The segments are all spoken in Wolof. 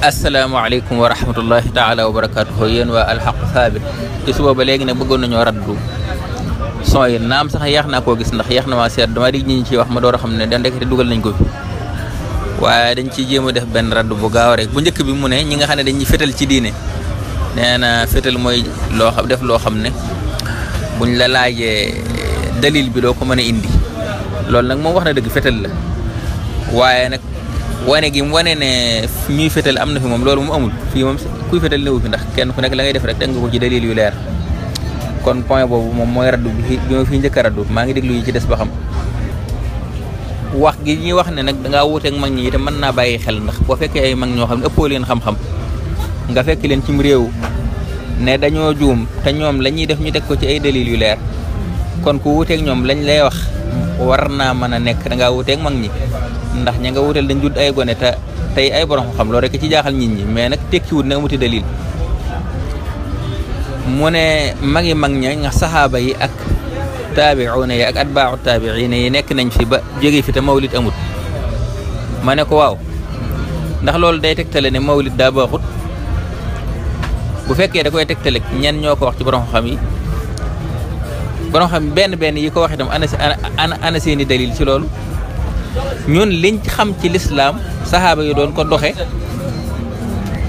asalaamaaleykum wa rahmatullahi taala wa barakaatuhu yéen waa alxaq saabit ci suba ba léegi nag bëggoon nañoo raddu son yi naam sax yeex naa koo gis ndax yeex na maa seet dama di ñi ci wax ma door xam ne da ndekete dugal nañ ko fi waaye dañ ciy jéem a def benn raddu bu gaaw rek bu njëkk bi mu ne ñi nga xam ne dañuy fétal ci diine nee na fétal mooy loo xam def loo xam ne buñ la laajee dalil bi doo ko mën a indi loolu nag moom wax na dëgg fétal la waaye wane gi mu wane ne ñuy fetal am na fi moom loolu mu amul fii moom kuy fetal néew fi ndax kenn ku nekk la ngay def rek teg nga ko ci dalil yu leer kon point boobu moom mooy raddu bi ma njëkk a maa ngi déglu yi ci des ba xam gi ñuy wax ne nag dangaa wuuteeg mag ñi mën naa bàyyi xel ndax boo fekkee ay mag ñoo xam ne ëppoo nga fekk leen cim réew ne dañoo juum te la ñuy def ñu teg ko ci ay dalil yu leer kon ku wuuteeg ñoom lañ lay wax war naa mën a nekk dangaa wuuteeg man ñi ndax ña nga wutal dañ judd ay gone ta tey ay borom xam loolu rek ci jaaxal nit ñi mais nag tekkiwut na amuti dalil mu ne mag yi mag ña nga saxaaba yi ak taabiuuna yi ak atbaau taabiina yi nekk nañ fi ba jóge fi te mawlit amut ma ne ko waaw ndax loolu day tegtale ne mawlit daa baaxut bu fekkee da koy tegtale ñen ñoo ko wax ci borom xam yi borom xam benn benn yi ko wax itam ana ana ana seeni dalil ci loolu ñun liñ xam ci lislaam saxaaba yi doon ko doxe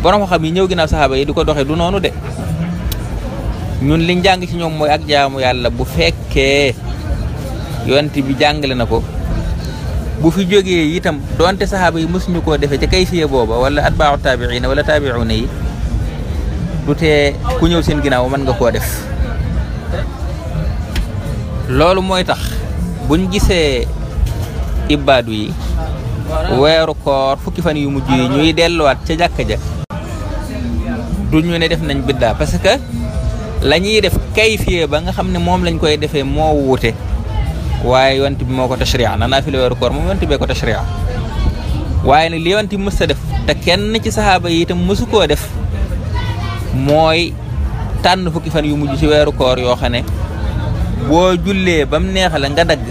borom xam yi ñëw gi ginnaaw saxaaba yi du ko doxe du noonu de ñun liñ jàng ci ñoom mooy ak jaamu yàlla bu fekkee yonent bi jàngale na ko bu fi jógee itam donte saxaaba yi mësuñu koo defee ca kayfiya booba wala atbaaru taabiina wala taabiuna yi du tee ku ñëw seen ginnaaw mën nga koo def loolu mooy tax buñ gisee ibbaadu yi weeru koor fukki fan yu mujj yi ñuy delluwaat ca jàkka ja du ñu ne def nañ biddaa parce que la ñuy def kayfiye ba nga xam ne moom lañ koy defee moo wuute waaye yont bi moo ko tashriya na naa fi moom weeru koor moom yont bee ko tashriya waaye nag li yont bi def te kenn ci saxaaba yi itam mësu koo def mooy tànn fukki fan yu mujj ci weerukoor koor yoo xam ne boo jullee bam neexa la nga dagg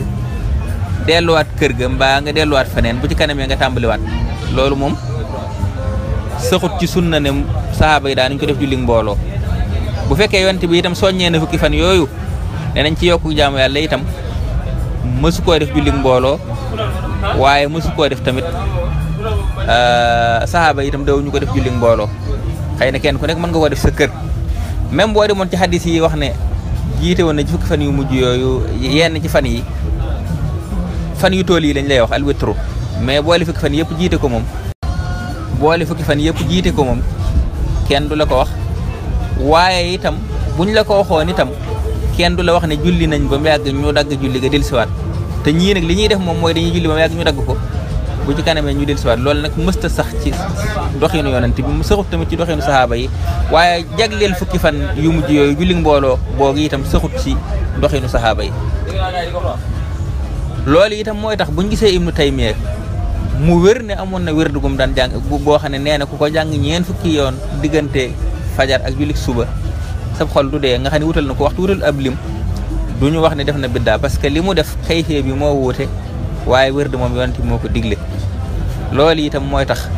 deluat kër ga mba nga deluat fenen bu ci kanam ya nga wat loolu mom saxut ci sunna ne sahaba yi daan ñu ko def julli mbooloo bu fekke yonte bi itam soñe na fukki fan ne nañ ci yokku jaamu yalla itam mësu euh, ko def julli mbooloo waye mësu ko def tamit sahaaba itam ñu ko def julli mbooloo xeyna na ku nek man nga ko def sa kër même boo demoon ci hadith yi wax ne jité won na ci fukki fan yu mujju yoyu yenn ci fan yi fan yu tool yi lañ lay wax alwitru mais boole fukki fan yëpp jiite ko moom boole fukki fan yëpp jiite ko moom kenn du la ko wax waaye itam buñ la ko waxoon itam kenn du la wax ne julli nañ ba mu yàgg ñu dagg julli ga dellusiwaat te ñii nag li ñuy def moom mooy dañuy julli ba mu yàgg dagg ko bu ci kanamee ñu dellusiwaat loolu nag mësta sax ci doxinu yonent bi mu saxut tamit ci doxinu saxaaba yi waaye jagleel fukki fan yu mujj yooyu julli mbooloo boogi itam saxut ci doxinu saxaaba yi loolu itam mooy tax bu buñ gisee ibnu taymiya mu wër ne amoon na wér dugum daan jàng boo xam ne nee na ku ko jàng ñeen fukki yoon diggante fajar ak jullit suba sab xol du dee nga xam ne wutal na ko waxtu wutal ab lim du ñu wax ne def na biddaa parce que li mu def xëyxee bi moo wuute waaye wër di moom yonent bi moo ko digle lool itam mooy tax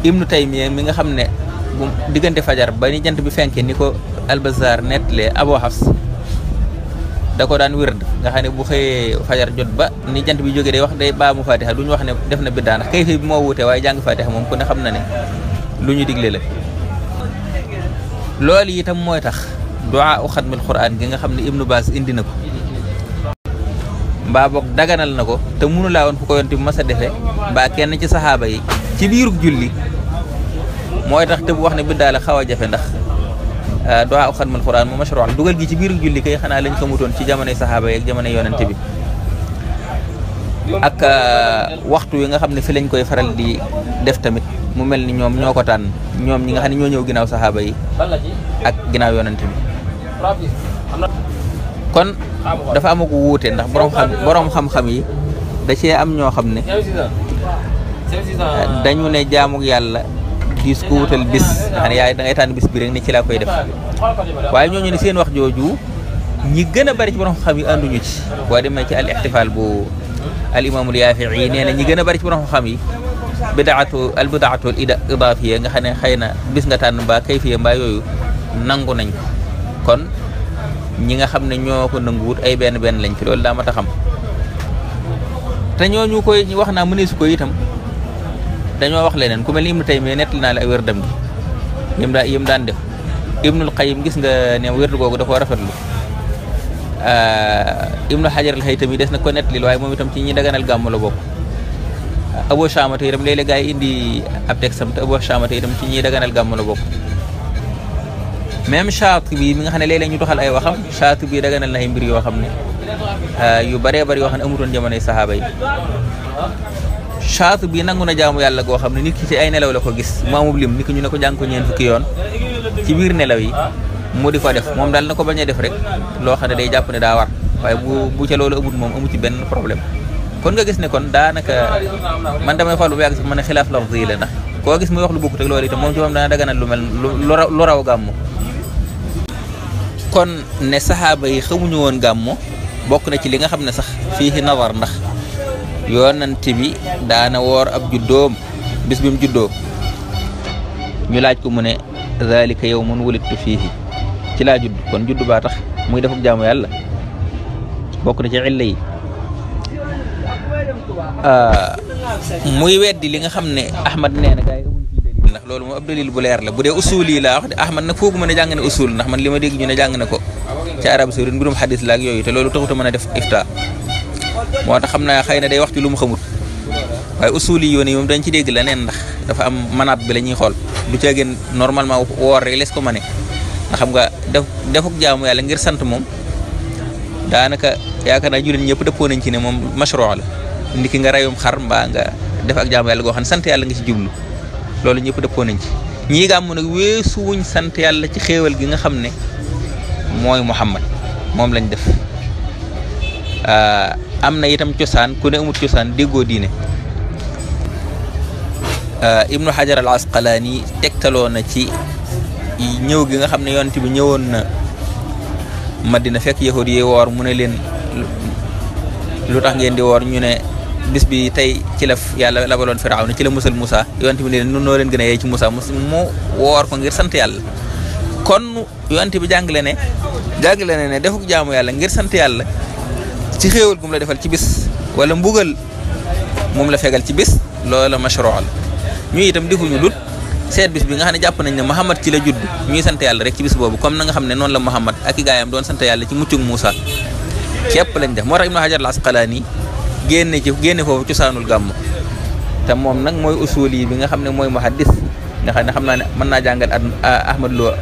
ibnu taymiya mi nga xam ne bu diggante fajar ba ni jant bi fenke ni ko albazar nettalee aboo xafs da ko daan wërd nga xam ne bu xëyee fajar jot ba ni jant bi jógee day wax day baa mu fatiha duñu wax ne def na biddaa ndax kayfi bi moo wuute waaye jàng fatiha moom ku ne xam na ne lu ñu digle la loolu itam mooy tax duaa u xatmil quraan gi nga xam ne ibnu baas indi na ko mbaa boog daganal na ko te mënu laa woon fu ko yonti mas a defee mbaa kenn ci saxaaba yi ci biirug julli mooy tax te bu wax ne biddaa la xaw a jafe ndax Euh, doa u xatmal quran mu mashruan ci biir julli kay xanaa lañ xamutoon ci jamonoy saxaaba yi ak jamonoy yonent bi euh, waxtu wi nga xam ne fi lañ koy faral di def tamit mu mel ni ñoom ñoo ko tànn ñoom ñi nga xam ne ñoo ñëw ginnaaw saxaaba yi ak ginnaaw yonent bi kon dafa am wuute ndax borom xam xam yi da cee am ñoo xam ne dañu ne jaamuk yàlla diis ko bis xam ne yaay da ngay tànn bis bi rek ni koy def waaye ñooñu ne seen wax jooju ñi gën a bari ci borom xam yi ànduñu ci boo demee ci al ixtifaal bu al imaamul yaafi'i nee na ñi gën a bari ci borom xam yi bidaatu al bidaatu al idaafiya nga xam ne xëy na bis nga tànn mbaa kayfiya mbaa yooyu nangu nañ ko kon ñi nga xam ne ñoo ko nanguwut ay benn benn lañ ci loolu daa mat a xam te ñooñu koy wax naa mëneesu ko dañoo wax leneen ku mel ni Ibnu Taymiya nettali naa la ay wérdam gi yim daa yim daan def Ibnul Qayyim gis nga ne wérdu googu da koo rafetlu ah, Ibnu Hajar al i des na ko nettali waaye moom itam ci ñi daganal gàmm la bokk. Abu Shama itam léeg yi indi ab texam te ci ñi daganal gàmm la bokk même Shaatibi mi nga xam ne léeg ñu toxal ay waxam Shaatibi daganal na ay mbir yoo xam ne ah, yu baree bari yoo xam ne amutoon jamonoy saxaaba yi. charte bi nangu na jaamu yàlla goo xam ne nit ki ci ay nelaw la ko gis mu amub lim ñu ne ko jàng ko ñeent fukki yoon ci biir nelaw yi mu di ko def moom daal na ko bañ a def rek loo xam ne day jàpp ne daa war bu bu loolu amut moom amu ci benn problème kon nga gis ne kon daanaka man damay fal bu yàgg sax man ne xilaaf la koo gis muy wax lu bokkut ak loolu itam moom ci moom dana daganal lu mel lu raw gàmmu saxaaba yi xamuñu woon gàmmu bokk na ci li nga xam ne sax fii ci nawar ndax yoonante bi daana woor ab juddoom bis bi mu juddoo ñu laaj ko mun ne zalika yawmun wulidtu ci laa judd kon judd baa tax muy defub jaamu yàlla bokk na ci illa yi ah, muy weddi li nga xam ne ahmad nee na gaa yi amuñ ci dalil ndax loolu moom ab dalil bu leer la bu dee usul yi laa ahmad nag foogu mën a jàng na usul ndax man li ma dégg ñu ne jàng na ko ci arab saudi mbirum xadis la yooyu te loolu taxuta mën a def ifta moo tax xam naa xëy na day wax ci lu mu xamul waaye usuli yoon yi moom dañ ci dégg leneen ndax dafa am manaat bi la ñuy xool du caa gën normalement woor rek les ko mane nga xam nga def defuk ngir sant moom daanaka yaakaar naa jullit ñëpp dëppoo nañ ci ne moom mashruu la ki nga rayum xar mbaa nga def ak jaamu yàlla goo xam ne sant yàlla nga ci jublu loolu ñëpp dëppoo nañ ci ñii gàmmu nag weesuwuñ sant yàlla ci xéewal gi nga xam ne mooy Muhammad moom lañ def am na itam cosaan ku ne amut cosaan déggoo diine euh, ibnu xajar al asqalaani tegtaloo na ci ñëw gi nga xam ne yonent bi ñëwoon na madina fekk yahud yi woor mu ne leen lu tax ngeen di woor ñu ne bis bi tey ci la yàlla labaloon firaaw na ci la musal musa yonent bi ne leen noo leen gën a yey musa Moussa mu woor ko ngir sant yàlla kon yonent bi jàngale ne jàngale ne ne defuk jaamu yàlla ngir sant yàlla ci xéewal gum la defal ci bis wala mbugal moom la fegal ci bis loola mashruu la ñu itam defuñu lut seet bis bi nga xam ne jàpp nañ ne Muhammad ci la judd ñuy sant yàlla rek ci boobu comme na nga xam ne noonu la Muhammad ak i gaayam doon sant yàlla ci muccug Muusa képp lañ def moo tax Ibnu Hajar al Asqalaani génne ci génne foofu cosaanul gàmm te moom nag mooy usul yi bi nga xam ne mooy muhaddis nga xam ne xam naa ne mën naa jàngal at ah, Ahmad Lo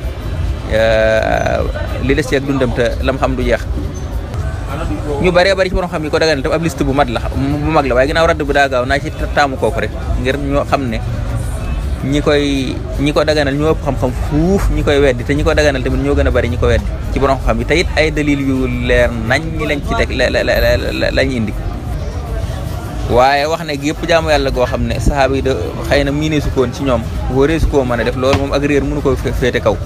euh, li des ci ak dundam te lam xam du jeex ñu bare bëri ci borom xam yi ko daganal tam ab liste bu mat la bu mag la waaye ginnaaw radd bu daa gaaw naa ci taamu kooku rek ñoo xam ne ñi koy ñi ko daganal ñoo ëpp xam-xam fuuf ñi koy weddi te ñi ko daganal tamit ñoo gën a bëri ñi ko weddi ci borom xam yi te it ay dalil yu leer nañ ñi lañ ci teg la la la lañ indi waaye wax ne yëpp jaamu yàlla goo xam ne saxaaba yi da xëy na miinee su koon ci ñoom wóoree su koo mën a def loolu moom ak réer mënu ko féete kaw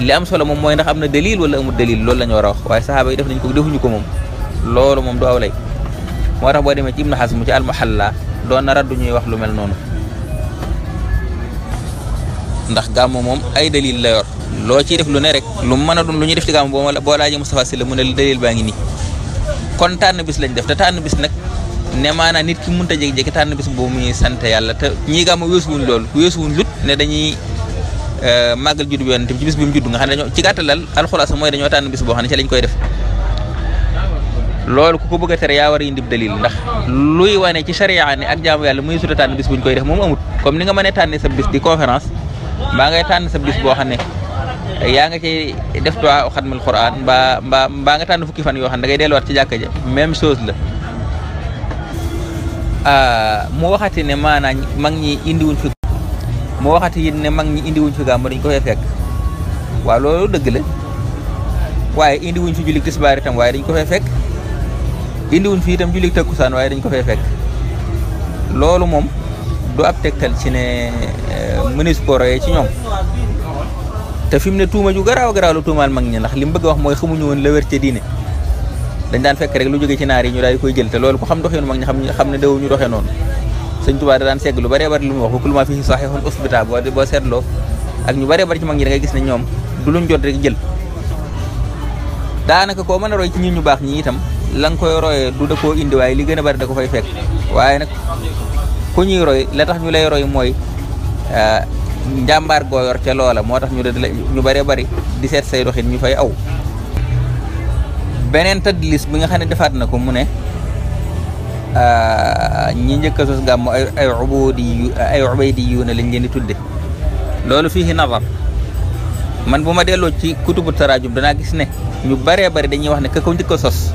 li am solo moom mooy ndax am na dalil wala amul dalil loolu la ñu war a wax waaye saxaaba yi def nañ ko defuñu ko moom loolu moom du aw lay moo tax boo demee ci ibnu xasm ci almuhalla doon na ñuy wax lu mel noonu ndax gàmm moom ay dalil la yor loo ciy def lu ne rek lu mën a doon lu def ci gàmm boo laajee Moustapha Sylla mu ne la dalil baa ngi ni kon tànn bis lañ def te tànn bis nag ne maanaam nit ki mënut a jékki-jékki tànn bis boo muy sant yàlla ñi ñii gàmm weesuwuñ loolu weesuwuñ lut ne dañuy Euh, màggal juddu bi yonent bi ci bis bi mu judd nga xam dañoo ci gàttalal alxulaasa mooy dañoo tànn bis boo xam koy def loolu ku ko bëgg a tere yaa war a indi dalil ndax luy wane ci charia ne ak jaamu yàlla muy suta tànn bis buñ koy def moom amut comme ni nga mënee tànn sa bis di conférence mbaa ngay tànn sa bis boo xam ne yaa nga cay def tuwaa xatmal quran mbaa mbaa mbaa nga tànn fukki fan yoo xam ne da ngay delluwaat ci jàkka ja même chose la euh, mu waxati ne maanaam mag ñi indiwuñ fi moo waxati yéen ne mag ñi indiwuñ wuñ fi gàmm dañ ko fee fekk dëgg la waaye indi wuñ waaye dañ ko fee fekk indi wuñ fi itam julli takkusaan waaye dañ ko fee fekk loolu moom du ab tegtal ci ne mënees ko royee ci ñoom te fi mu ne tuuma ju garaaw garaaw la tuumaal mag ñi ndax li mu bëgg a wax mooy xamuñu woon la wér ca dañ daan fekk rek lu jóge ci naar yi ñu daal di koy jël te loolu ko xam doxeenu mag ñi xam xam ne dawuñu doxee noonu sëñ Tuubaa daan segg lu bëree bëri lu mu wax ba ku lu ma fi saxiixul boo boo seetloo ak ñu bëree bari ci mag ñi da gis ne ñoom du luñ jot rek jël daanaka koo mën a roy ci nit ñu baax ñi itam la koy royee du koo indi li gën a bëri da ko fay fekk waaye nag ku ñuy la tax ñu lay roy mooy eh, njàmbaar gooyor ca loola moo tax ñu de ñu bëree bëri di seet say doxin ñu fay aw beneen tadlis bi nga xam ne defaat na ko mu ne Euh, ñi njëkk a sos gàmm ay ay ubudi ay ubaydi yu ne lañ leen di tudde loolu fii nazar man bu ma delloo ci kutubu taraajum danaa gis ne ñu bëree bëri dañuy wax ne ka ko njëkk a sos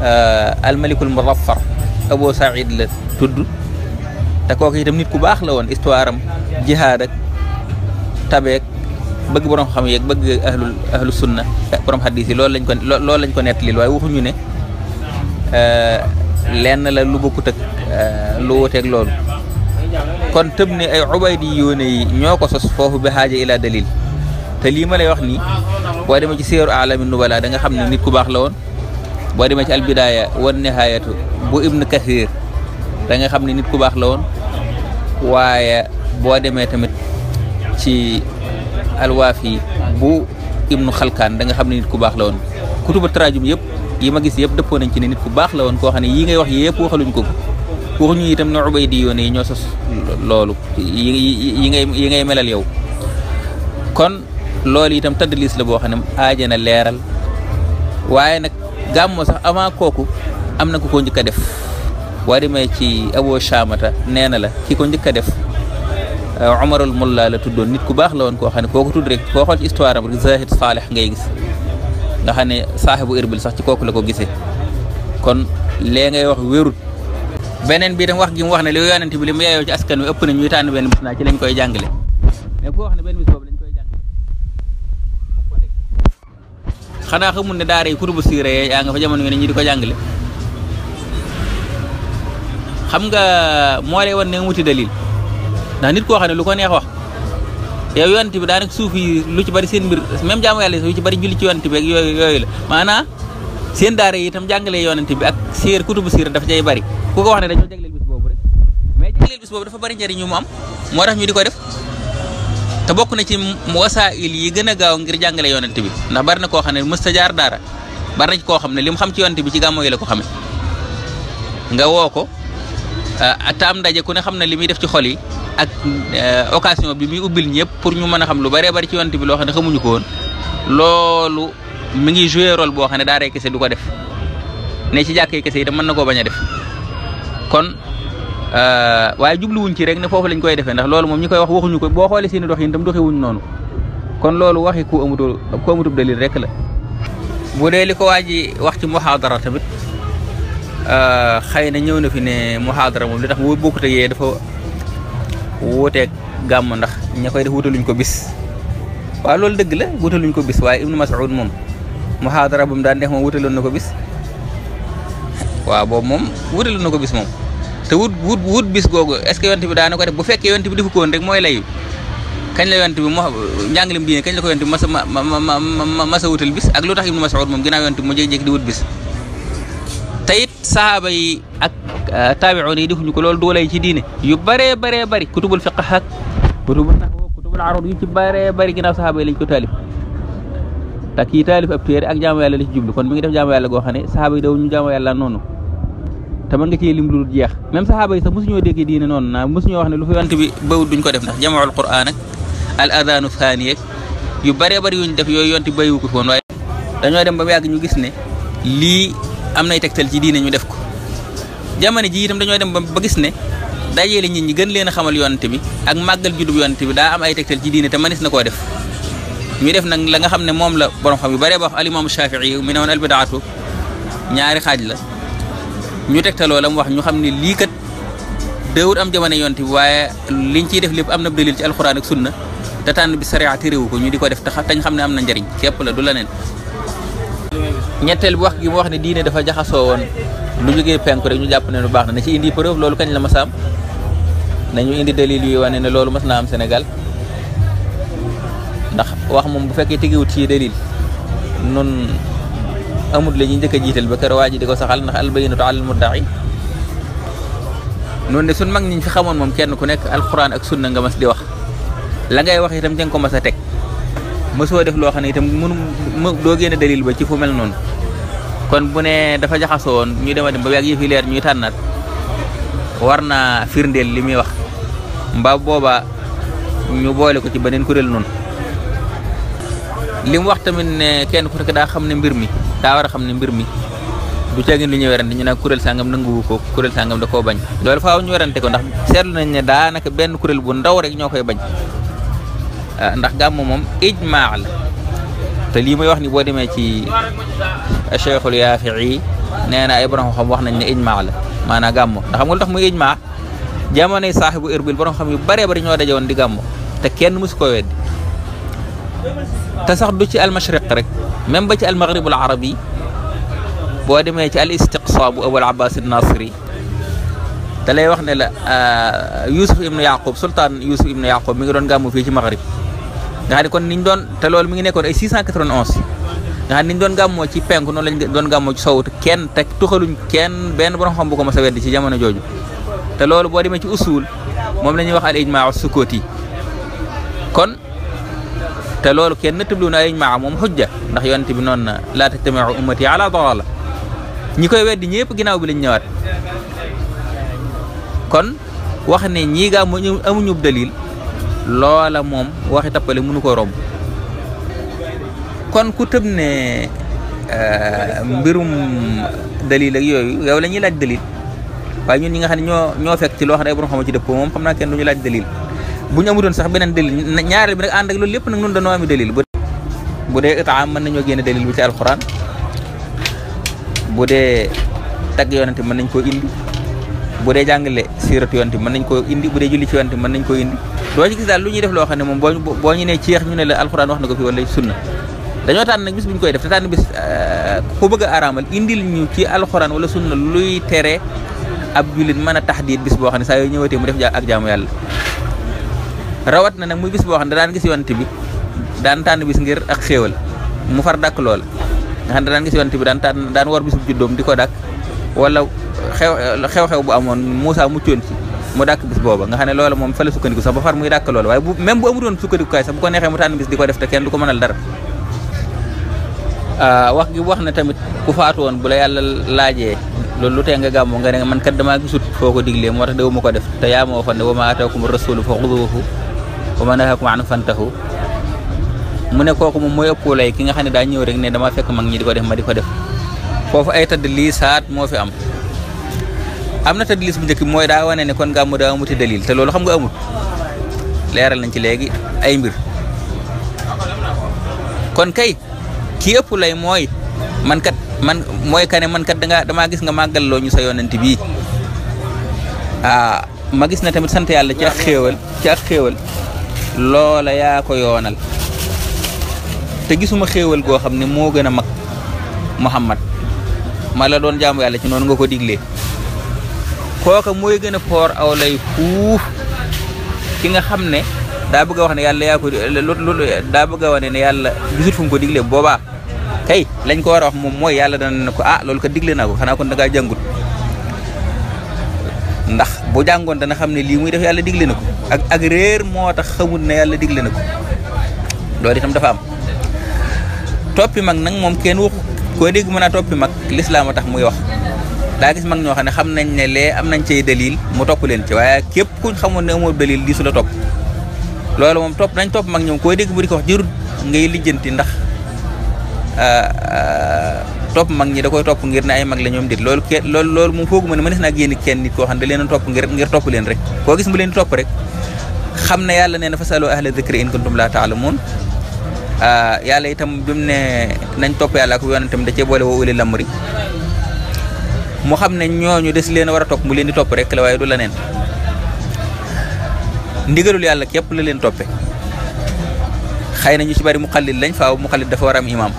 euh, almalikul muzaffar Abu Saïd la tudd te kooku itam nit ku baax la woon histoire am jihaad ak tabeek bëgg borom xam yeeg bëgg ahlul ahlu sunna borom xadis yi loolu lañ ko loolu lañ ko nettali waaye waxuñu ne euh, lenn la lu bokkut ak euh, lu wuteeg loolu kon tëb ne ay ubaydi yoone yi ñoo ko sos foofu be xaaja ila dalil te lii ma lay wax nii boo demee ci séeru alami nubala da nga xam ne nit ku baax la woon boo demee ci albidaaya wan nihaayatu bu ibn kathir da nga xam ne nit ku baax la woon waaye boo demee tamit ci alwaafi bu ibnu xalkaan danga xam ne nit ku baax la woon kutuba tarajum yëpp yi ma gis yëpp dëppoo nañ ci ne nit ku baax la woon koo xam ne yii ngay wax yëpp waxaluñ ko ko waxuñu itam ne ubaydi yoon yi ñoo sos loolu yi yi ngay yi ngay melal yow kon loolu itam tadlis la boo xam ne aaje na leeral waaye nag gàmmo sax avant kooku am na ku ko njëkk a def waa demee ci abo chamata nee na la ki ko njëkk a def Umarul Mulla la tuddoon nit ku baax la woon koo xam ne koo ko tudd histoire am rek zahid saalih ngay gis nga xam ne saaxibu irbil sax ci kooku la ko gisee kon lee ngay wax wérut beneen bi tam wax gi mu wax ne li yonent bi li ci askan wi ëpp na ñuy tànn benn bis naa ci lañ koy jàngale mais ku wax ne benn bis boobu lañ koy jàngale a xamul ne daara yi kutubu siire nga fa jamono yi ne ñi di ko xam nga moo lay wan ne nga wuti dalil ndax nit koo xam ne lu ko neex wax yow yonent bi daanaka suuf yi lu ci bari seen mbir même jaamu yàlla yi ci bari julli ci yonent bi ak yooyu seen daara yi itam jàngalee yonent bi ak siir kutubu siir dafa cay bari ku ko wax ne dañoo jagleel bis boobu rek mais jagleel bis boobu dafa bari moo di ko def te bokk na ci wasaa'il yi gën a gaaw ngir jàngale yonent bi ndax bari na koo xam ne mësta jaar daara bari na koo xam ne li mu xam ci yonent bi ci gàmmo yi la ko xamee nga woo ko ah, te am ndaje ku ne xam ne li muy def ci xol yi ak euh, occasion bi muy ubbil ñëpp pour ñu mën a xam lu bëree bëri ci yonent bi loo xam ne xamuñu ko woon loolu mi ngi joué boo xam ne daaray kese du ko def ne ci jàkkee kese yi itam mën na koo bañ a def kon euh, waaye jubluwuñ ci rek ne foofu lañ koy defee ndax loolu moom ñi koy wax waxuñu ko boo xoolee seeni dox yi itam doxewuñ noonu kon loolu waxi ku amutu ku amutub dalil rek la. bu dee li ko waa ji wax ci muhaadara tamit euh, xëy na ñëw na fi ne muhaadara moom li tax mu bokkut te yee dafa. wuuteeg gàmm ndax ña koy def wutaluñ ko bis waaw loolu dëgg la wutaluñ ko bis waaye ibnu Mas'ud moom muhaadara bu mu daan def moom wutaloon na ko bis waaw boobu moom wutaloon na ko bis moom te wut wut wut bis googu est-ce que yonent bi daana ko def bu fekkee yonent bi defu ko woon rek mooy lay kañ la yonent bi moo njàngalem diine kañ la ko yonent bi mas ma ma ma mas a wutal bis ak lu tax ibnu Mas'ud moom ginnaaw yonent bi mu jékki di wut bis te it sahaaba yi tabi'uni yi di ñu ko loolu doolay ci diine yu bare bare bare kutubul fiqh ak kutubul nahw kutubul arab yu ci bare bare ginaaw sahaba lañ ko talif ta ki talif ab tere ak jaamu yalla li ci jublu kon mi ngi def jaamu yalla go xane sahaba sahaaba yi dawuñu jaamu yalla nonu ta man nga ci lim lu jeex même sahaba yi sax mosuñoo dégg diine na musu mosuñoo wax ne lu fi yonte bi bawut duñ ko def ndax jamaul quran ak al adhan thani ak yu bare bari yuñ def yoy yonte bayiwu ko foon way dañoo dem ba yag ñu gis ne li am nay ci diine ñu def ko jamono ji itam dañoo dem ba gis ne dajale nit ñi gën leen a xamal yonent bi ak màggal juddub yonent bi daa am ay tegtal ci diine te manis na koo def ñu def nag la nga xam ne moom la borom xam yu bare ba wax alimaamu Shafii mi ne woon albidaatu ñaari xaaj la ñu tegtaloo la mu wax ñu xam ne lii kat déewut am jamono yonent bi waaye liñ ci def lépp am na dalil ci alxuraan ak sunna te tànn bi sariya téréwu ko ñu di ko def taxa tañ xam ne am na njariñ képp la du la neen ñetteel bi wax gi mu wax ne diine dafa jaxasoo woon lu jógee penku rek ñu jàpp ne lu baax na na ci indi preuve loolu kañ la mas a am nañu indi dalil yu wane ne loolu mas naa am senegal ndax wax moom bu fekkee tegiwut ci dalil nun amut la ñuy njëkk a jiital ba kër waa ji di ko saxal ndax albayinatu alal mudda'i noonu de suñ mag ñi fi xamoon moom kenn ku nekk alquran ak sunna nga mas di wax la ngay wax itam te nga ko mas a teg mësoo def loo xam ne itam mënu doo génne dalil ba ci fu mel noonu kon bu ne dafa woon ñu dema dem ba yàgg yëf yi leer ñuy tànnaat war naa firndeel li muy wax mbaa booba ñu boole ko ci beneen kuréel noonu li mu wax tamit ne kenn ku nekk daa xam ne mbir mi daa war a xam ne mbir mi du teggin lu ñuy werante ñu naan kuréel sàngam nanguwu ko kuréel sàngam da koo bañ loolu faaw ñu werante ko ndax seetlu nañ ne daanaka benn kuréel bu ndaw rek ñoo koy bañ ah, ndax gàmm moom ijmaa la te lii wax ni boo demee ci الشيخ اليافعي نانا ابراهيم خم واخنا ني اجماع لا ما انا غام دا خم لو تخ مو اجماع جاموني صاحب اربيل بروم خم يو بري بري ньо داجون دي غام تا كين موسكو ويد تا صاح دو سي المشرق رك ميم با سي المغرب العربي بو ديمي سي الاستقصاء ابو العباس الناصري دا لي واخني لا يوسف ابن يعقوب سلطان يوسف ابن يعقوب مي دون غام في المغرب غادي كون ني دون تا لول مي نيكون اي 691 nga ni doon gàmmoo ci penku non lañ doon gàmmoo ci sowut kenn te tuxaluñ kenn ben borom xam bu ko mas a weddi ci jamono jooju te lolu bo dimé ci usul mom la wax al ijmaa sukuti kon te lolu kenn nattablu na al ijmaa mom hujja ndax yonte bi non na tatma'u ummati ala dalal ñi koy wedd ñepp ginaaw bi lañ ñewat kon wax ne ñi ga amuñu dalil lola mom waxi tapale mënu ko romb kon ku tëb ne euh, mbirum dalil ak yooyu yow la ñuy laaj dalil waaye ñun ñu nga xam ne ñoo ñoo fekk ci loo xam ne ay borom xam ci dëppoo moom xam naa kenn du ñu laaj dalil bu ñu amutoon sax beneen dalil ñaareel bi nag ànd ak loolu lépp nag nun dañoo ami dalil bu dee itaam mën nañoo génne dalil bi ci alquran bu dee tagg yonante mën nañ koo indi bu dee jàngale siiratu koo indi bu dee julli ci yonante mën nañ koo indi doo ci gis daal lu ñuy def loo xam ne moom boo boo ñu nee ceex ñu ne la alquran wax na ko fi wala sunna tan nak bis buñ koy def tan bis euh, ku bëgg aramal indil ñu ci alcorane wala sunna luy tere ab julit tahdid tahdid bis bo xamni sa yoy ñëwëte mu def ak jaamu yalla rawat na nak muy bis bo xamni daan gis yonte bi daan tan bis ngir ak xéewal mu far dak lool nga daan gis yonte bi daan tan daan wor bis juddom diko di wala xew xew-xew bu musa mu cion ci mu dak bis boba nga xamni loolu mom fa la sukkandiku sa ba far muy bu même bu sukkandiku kay sa bu ko nexé mu tan bis di def te kenn duko dara Ah, wax gi wax na tamit ku faatu woon bu la yàlla laajee loolu lu tee nga gàmmu nga ne man kat damaa gisut foo ko diglee moo tax dewu ma ko def te yaa moo waxoon ne wa ma ataakum rasulu fa xuduuhu wa ma nahakum an mu ne kooku moom mooy ëpp lay ki nga xam ne daa ñëw rek ne dama fekk mag ñi di ko def ma di ko def foofu ay tëdd lii saat moo fi am am na tëdd liis bu njëkk mooy daa wane ne kon gàmmu daa amuti dalil te loolu xam nga amut leeral nañ ci léegi ay mbir ki ëpp lay mooy man kat man mooy ka ne man kat dangaa damaa gis nga màggal loo ñu sa yonent bii ah ma gis na tamit sant yàlla ci ak xéewal ci ak xéewal loola yaa yoonal te gisuma xéewal goo xam ne moo gën a mag Muhammad ma la doon jaamu yàlla ci noonu nga ko diglee kooka mooy gën a foor aw lay fuuf ki nga xam ne daa bëgg wax ne yàlla yaa ko daa bëgg a wane ne yàlla gisut fu mu ko diglee boobaa kay lañ ko war a wax moom mooy yàlla dana ne ko ah loolu ko digle naa ko xanaa kon da jàngut ndax bu jàngoon dana xam ne lii muy def yàlla digle na ko ak ak moo tax xamut ne yàlla digle na ko loolu itam dafa am toppi mag nag moom kenn waxu koo dégg mën a toppi mag lislaam a tax muy wax daa gis mag ñoo xam ne xam nañ ne le am nañ cay dalil mu topp leen ci waaye képp kuñ xamoon ne amoo dalil di su la topp lolou mom top nañ top mag ñom koy dégg bu di ko wax jërut ngay lijeenti ndax ah, ah, top mag ñi da koy top ngir ne ay mag la ñom dit lolou ke loolu loolu moom fooguma ne mënees naa génn kenn nit ko xam da leen top ngir ngir top leen rek ko gis mu leen top rek xamna yalla neena nee na fasalu dhikri in kuntum ta'lamun euh ah, yalla itam ne nañ topp yàlla ak yonentam da ci boole wo ulil amri mu xamne ñoñu des leen wara top mu leen di top rek la way du lanen ndigalul yàlla képp la leen toppe xëy na ñu ci bari mu xallil lañ faaw mu xallil dafa war am imaam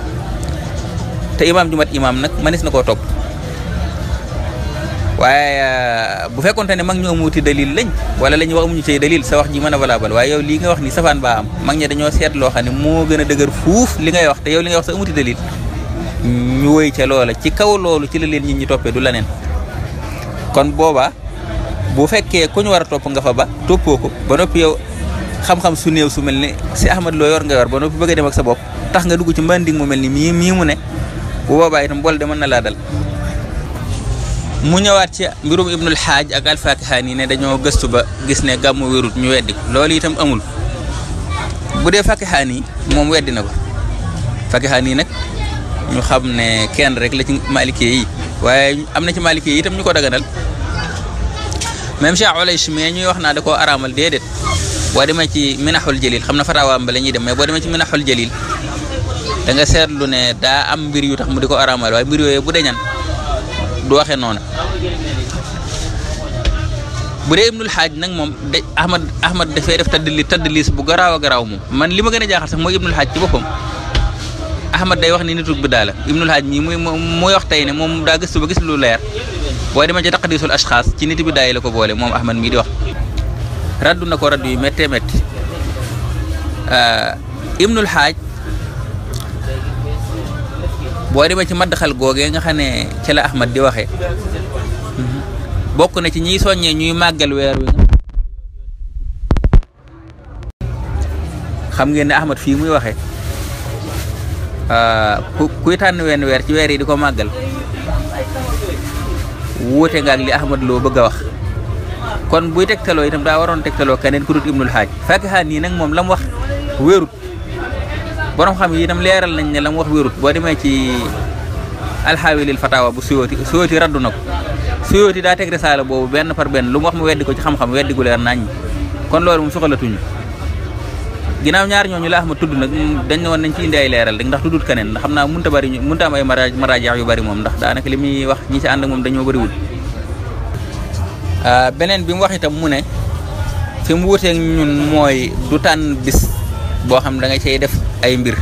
te imaam ju mat imaam nag manis na koo topp waaye euh, bu fekkonte ne mag ñu amuti dalil lañ wala la ñuy wax amuñu ci dalil sa wax ji mën a valable waaye yow lii nga wax ni safaan baa am mag dañoo seet loo xam ne a dëgër fuuf li ngay wax te yow li wax sa amuti dalil ñu wéy ca loola ci kaw loolu ci la leen nit ñi toppee du leneen kon booba bu fekkee ku ñu war a topp nga fa ba toppoo ko ba noppi yow xam-xam su néew su mel ni si Ahmad loo yor nga yor ba noppi bëgg a dem ak sa bopp tax nga dugg ci mbandi mu mel ni mii mii mu ne bu boobaa itam na laa dal. mu ñëwaat ci mbirum Ibnul Xaaj ak Alfaakihaan yi ne dañoo gëstu ba gis ne gàmmu wérut ñu weddi ko loolu itam amul bu dee Faakihaan yi moom weddi na ko Faakihaan yi nag ñu xam ne kenn rek la ci Maalikee yi waaye am na ci Maalikee yi itam ñu ko daganal. même Cheikh Olay Chimé ñuy wax naa da koo araamal dee boo demee ci minaxul jëlil xam na fatawaam ba la ñuy dem boo demee ci minaxul jëlil da nga seetlu ne daa am mbir yu tax mu di ko araamal waaye mbir yooyu bu deñan du waxee noonu bu dee Ibnul Xaaj nag moom de Ahmad Ahmad dafay def tadli tadliis bu garaaw garaw garaaw moom man li ma gën a jaaxal sax mooy Ibnul Xaaj ci boppam Ahmad day wax ni nitu bi daala Ibnul Xaaj mii muy muy wax ne moom daa gëstu ba gis lu leer. boo demee ci taqdisul ashxaas ci nit bi daay la ko boole moom Ahmad mii di wax raddu na ko yi yu méttee métti euh, ibnul xaaj boo demee ci maddaxal googee nga xam ne ci la Ahmad di waxe bokk na ci ñiy soññee ñuy màggal weer wi xam ngeen ne Ahmad fii muy waxee euh, kuy tànn wenn weer ci weer yi di ko màggal wuute nga ak li Ahmad Lo bëgg a wax kon buy tegtaloo itam daa waroon tegtaloo keneen ku dut Ibnul Xaaj Faakiha nii nag moom la mu wax wéerut borom xam yi leeral nañ ne la mu wax wéerut boo demee ci alxaawilil fatawa bu suyooti suyooti raddu na ko suyooti daa teg risaala boobu benn par benn lu wax mu weddi ko ci xam-xam weddi gu leer nañ kon loolu moom soxalatuñu ginnaaw ñaar ñooñu la ma tudd na dañoo nañ ci indi ay leeral rek ndax tuddut keneen ndax xam naa mënta bari mënta am ay maraaj yu bari moom ndax daanaka li wax ñi ci ànd ak moom dañoo bëriwul euh, beneen mu ne fi mu ñun mooy du tànn bis boo xam da nga cay def ay mbir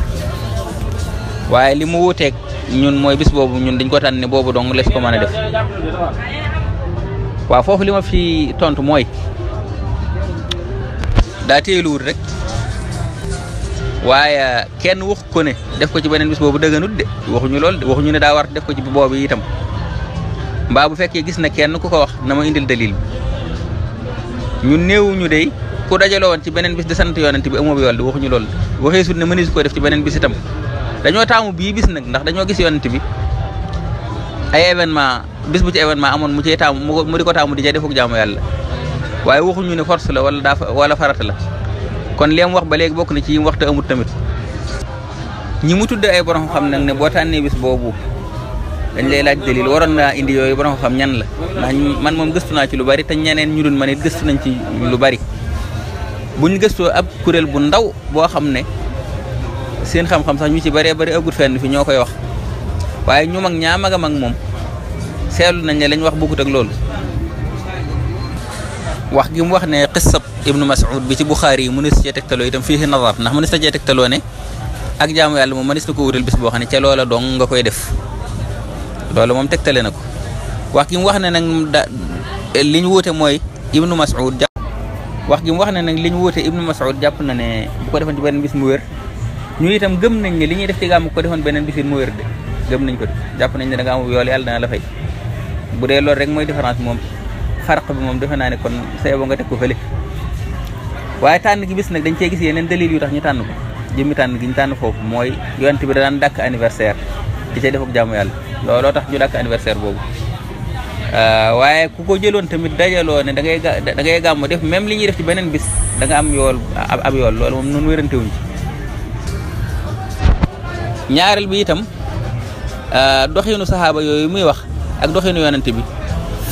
waaye li mu wuteeg ñun mooy bis boobu ñun dañ ko tànn ne boobu dong lees ko mën a def waaw foofu li fi tontu mooy daa téeluwut rek waaye kenn wax ko ne def ko ci beneen bis boobu dëgganut de ñu lool ñu ne daa war def ko ci boobu itam mbaa bu fekkee gis na kenn ku ko wax na ma indil dalil ñun ñu ñu dey ku dajaloo woon ci beneen bis di sant yonent bi amoo bi yool di waxuñu lool waxee sut ne mënees koo def ci beneen bis itam dañoo bii bis nag ndax dañoo gis yonent bi ay événement bis bu ci amoon mu cee taamu mu di ko taamu di ca defuk jaamu yàlla waaye waxuñu ne force la wala daa wala farata la kon li mu wax ba léegi bokk na ci yi wax te amut tamit ñi mu tudd ay borom xam nag ne boo tànnee bis boobu dañ lay laaj dalil waroon naa indi yooyu borom xam ñan la ndax man moom gëstu naa ci lu bari te ñeneen ñu dun man it gëstu nañ ci lu bari buñ gëstoo ab kuréel bu ndaw boo xam ne seen xam-xam sax ñu ci bëree bëri ëggut fenn fi ñoo koy wax waaye ñu mag ñaa mag a mag moom seetlu nañ ne lañ wax bokkut ak loolu wax gi mu wax ne xisab ibnu yi mënees cee tegtaloo itam fii boo xam ne ca loola dong nga loolu moom tegtale na ko wax gi mu wax ne nag da li ñu wuute mooy ibnu mas'ud jàpp wax gi mu wax ne nag li ñu wuute ibnu mas'ud jàpp na ne bu ko defoon bis mu wér ñu itam gëm nañ ne li ñuy def ci gàmm bu ko defoon beneen bis mu wér de gëm nañ ko de jàpp nañ ne da nga am yool yàlla dana la fay bu dee loolu rek mooy différence moom farq bi moom defe naa ne kon sa yow nga teg ko fële waaye tànn gi bis nag dañ cee gis yeneen dalil yu tax ñu tànn ko jëmmi tànn gi ñu tànn foofu mooy yonent bi daan dakk anniversaire di cay def ak jaamu yàlla looloo tax ñu dakk anniversaire boobu euh, waaye ku ko jëloon tamit dajaloo ne da ngay da ngay gàmmu def même li ñuy def ci beneen bis danga nga am yool ab yool loolu moom noonu wérante wuñ ci ñaareel bi itam euh, doxinu saxaaba yooyu muy wax ak doxinu yonent bi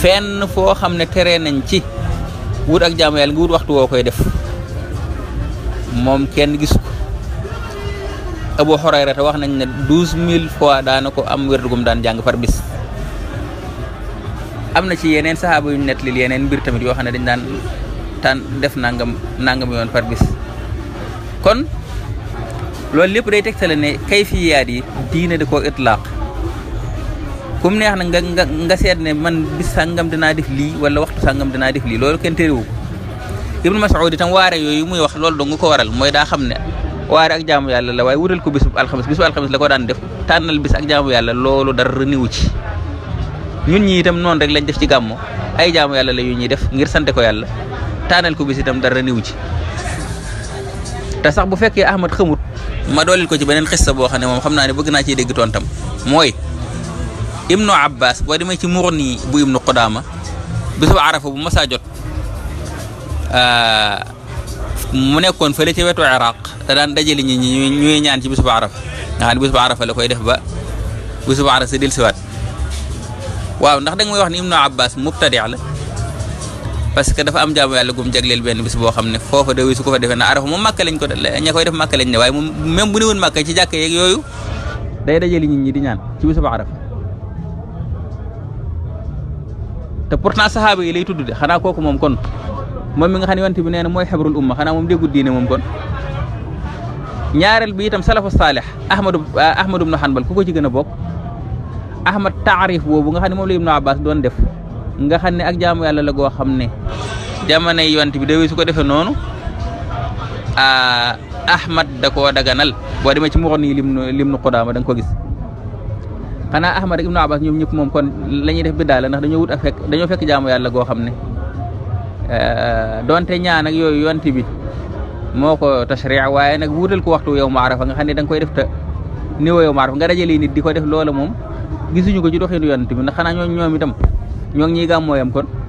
fenn foo xam ne tere nañ ci wut ak jaamu yàlla nga wut waxtu woo koy def moom kenn gis ko Abu Hurayra te wax nañ ne douze mille fois daana ko am wérdu gum daan jàng parbis am na ci yeneen saxaaba yu nett lil yeneen mbir tamit yoo xam ne dañ daan tànn def nangam nangam yoon far bis kon loolu lépp day tegtale ne kayfiyaat yi diine da koo itlaaq ku mu neex nga nga nga seet ne man bis sàngam dinaa def lii wala waxtu sàngam dinaa def lii loolu kenn téerewu ko Ibnu Mas'ud itam waare yooyu muy wax loolu dong ko waral mooy da xam ne waare ak jaamu yàlla la waaye wutal ko bisu alxames bisu alxames la ko daan def tànnal bis ak jaamu yàlla loolu dara niwu ci ñun ñi itam noonu rek lañ def ci gàmmu ay jaamo yàlla la yu ñuy def ngir sante ko yàlla tànnal ko bis itam dara niwu ci te sax bu fekkee Ahmad xamut ma doolil ko ci beneen xista boo xam ne moom xam naa ne bëgg naa ciy dégg tontam ibnu abbas bo demé ci murni bu ibnu qudaama bisu arafa bu massa jot euh mu nekkon fele ci wetu iraq da dan dajale ñi ñi ñuy ñaan ci bisu arafa nga xam ne bisu arafa la koy def ba bisu arafa ci wat waaw ndax da nga wax ni ibnu abbas mubtadi la parce que dafa am jaamu yalla gum jaglel ben bis bo xamne fofu foofa de su ko fa defena arafa moom makka lañ ko ña koy def makka lañ ne waaye moom même bu neewon makka ci jakk yeeg yooyu day dajale ñi ñi di ñaan ci bisu arafa te pourtant saxaaba yi lay tudd de xanaa kooku moom kon moom mi nga xam ne yonent bi nee na mooy xebrul umma xanaa moom déggut diine moom kon ñaareel bi itam salafu saalih ahmadu ah, ahmadu ibnu hanbal ku ko ci gën a bokk ahmad taarif boobu nga xam ne moom la ibnu abbas doon def nga ne ak jaamu yàlla la goo xam ne jamonoy yonent bi dawee su ko defee noonu ah, ahmad da koo daganal boo demee ci muxoon nii yi nu lim nu xudaama da nga ko gis xanaa ahmad ak ibnu abbas ñoom ñëpp moom kon la ñuy def biddaa la ndax dañoo wut ak fekk dañoo fekk jaamu yàlla xam ne eh, donte ñaan ak yooyu yonti bi moo ko tashriya waaye nag wuutal ko waxtu yow ma arafa nga xam ne da koy def te niveau yow ma arafa nga dajale nit di ko def loole moom gisuñu ko ci doxinu yonti bi ndax xanaa ñoo ñoom itam ñoo ngi ñuy gàmmooyam kon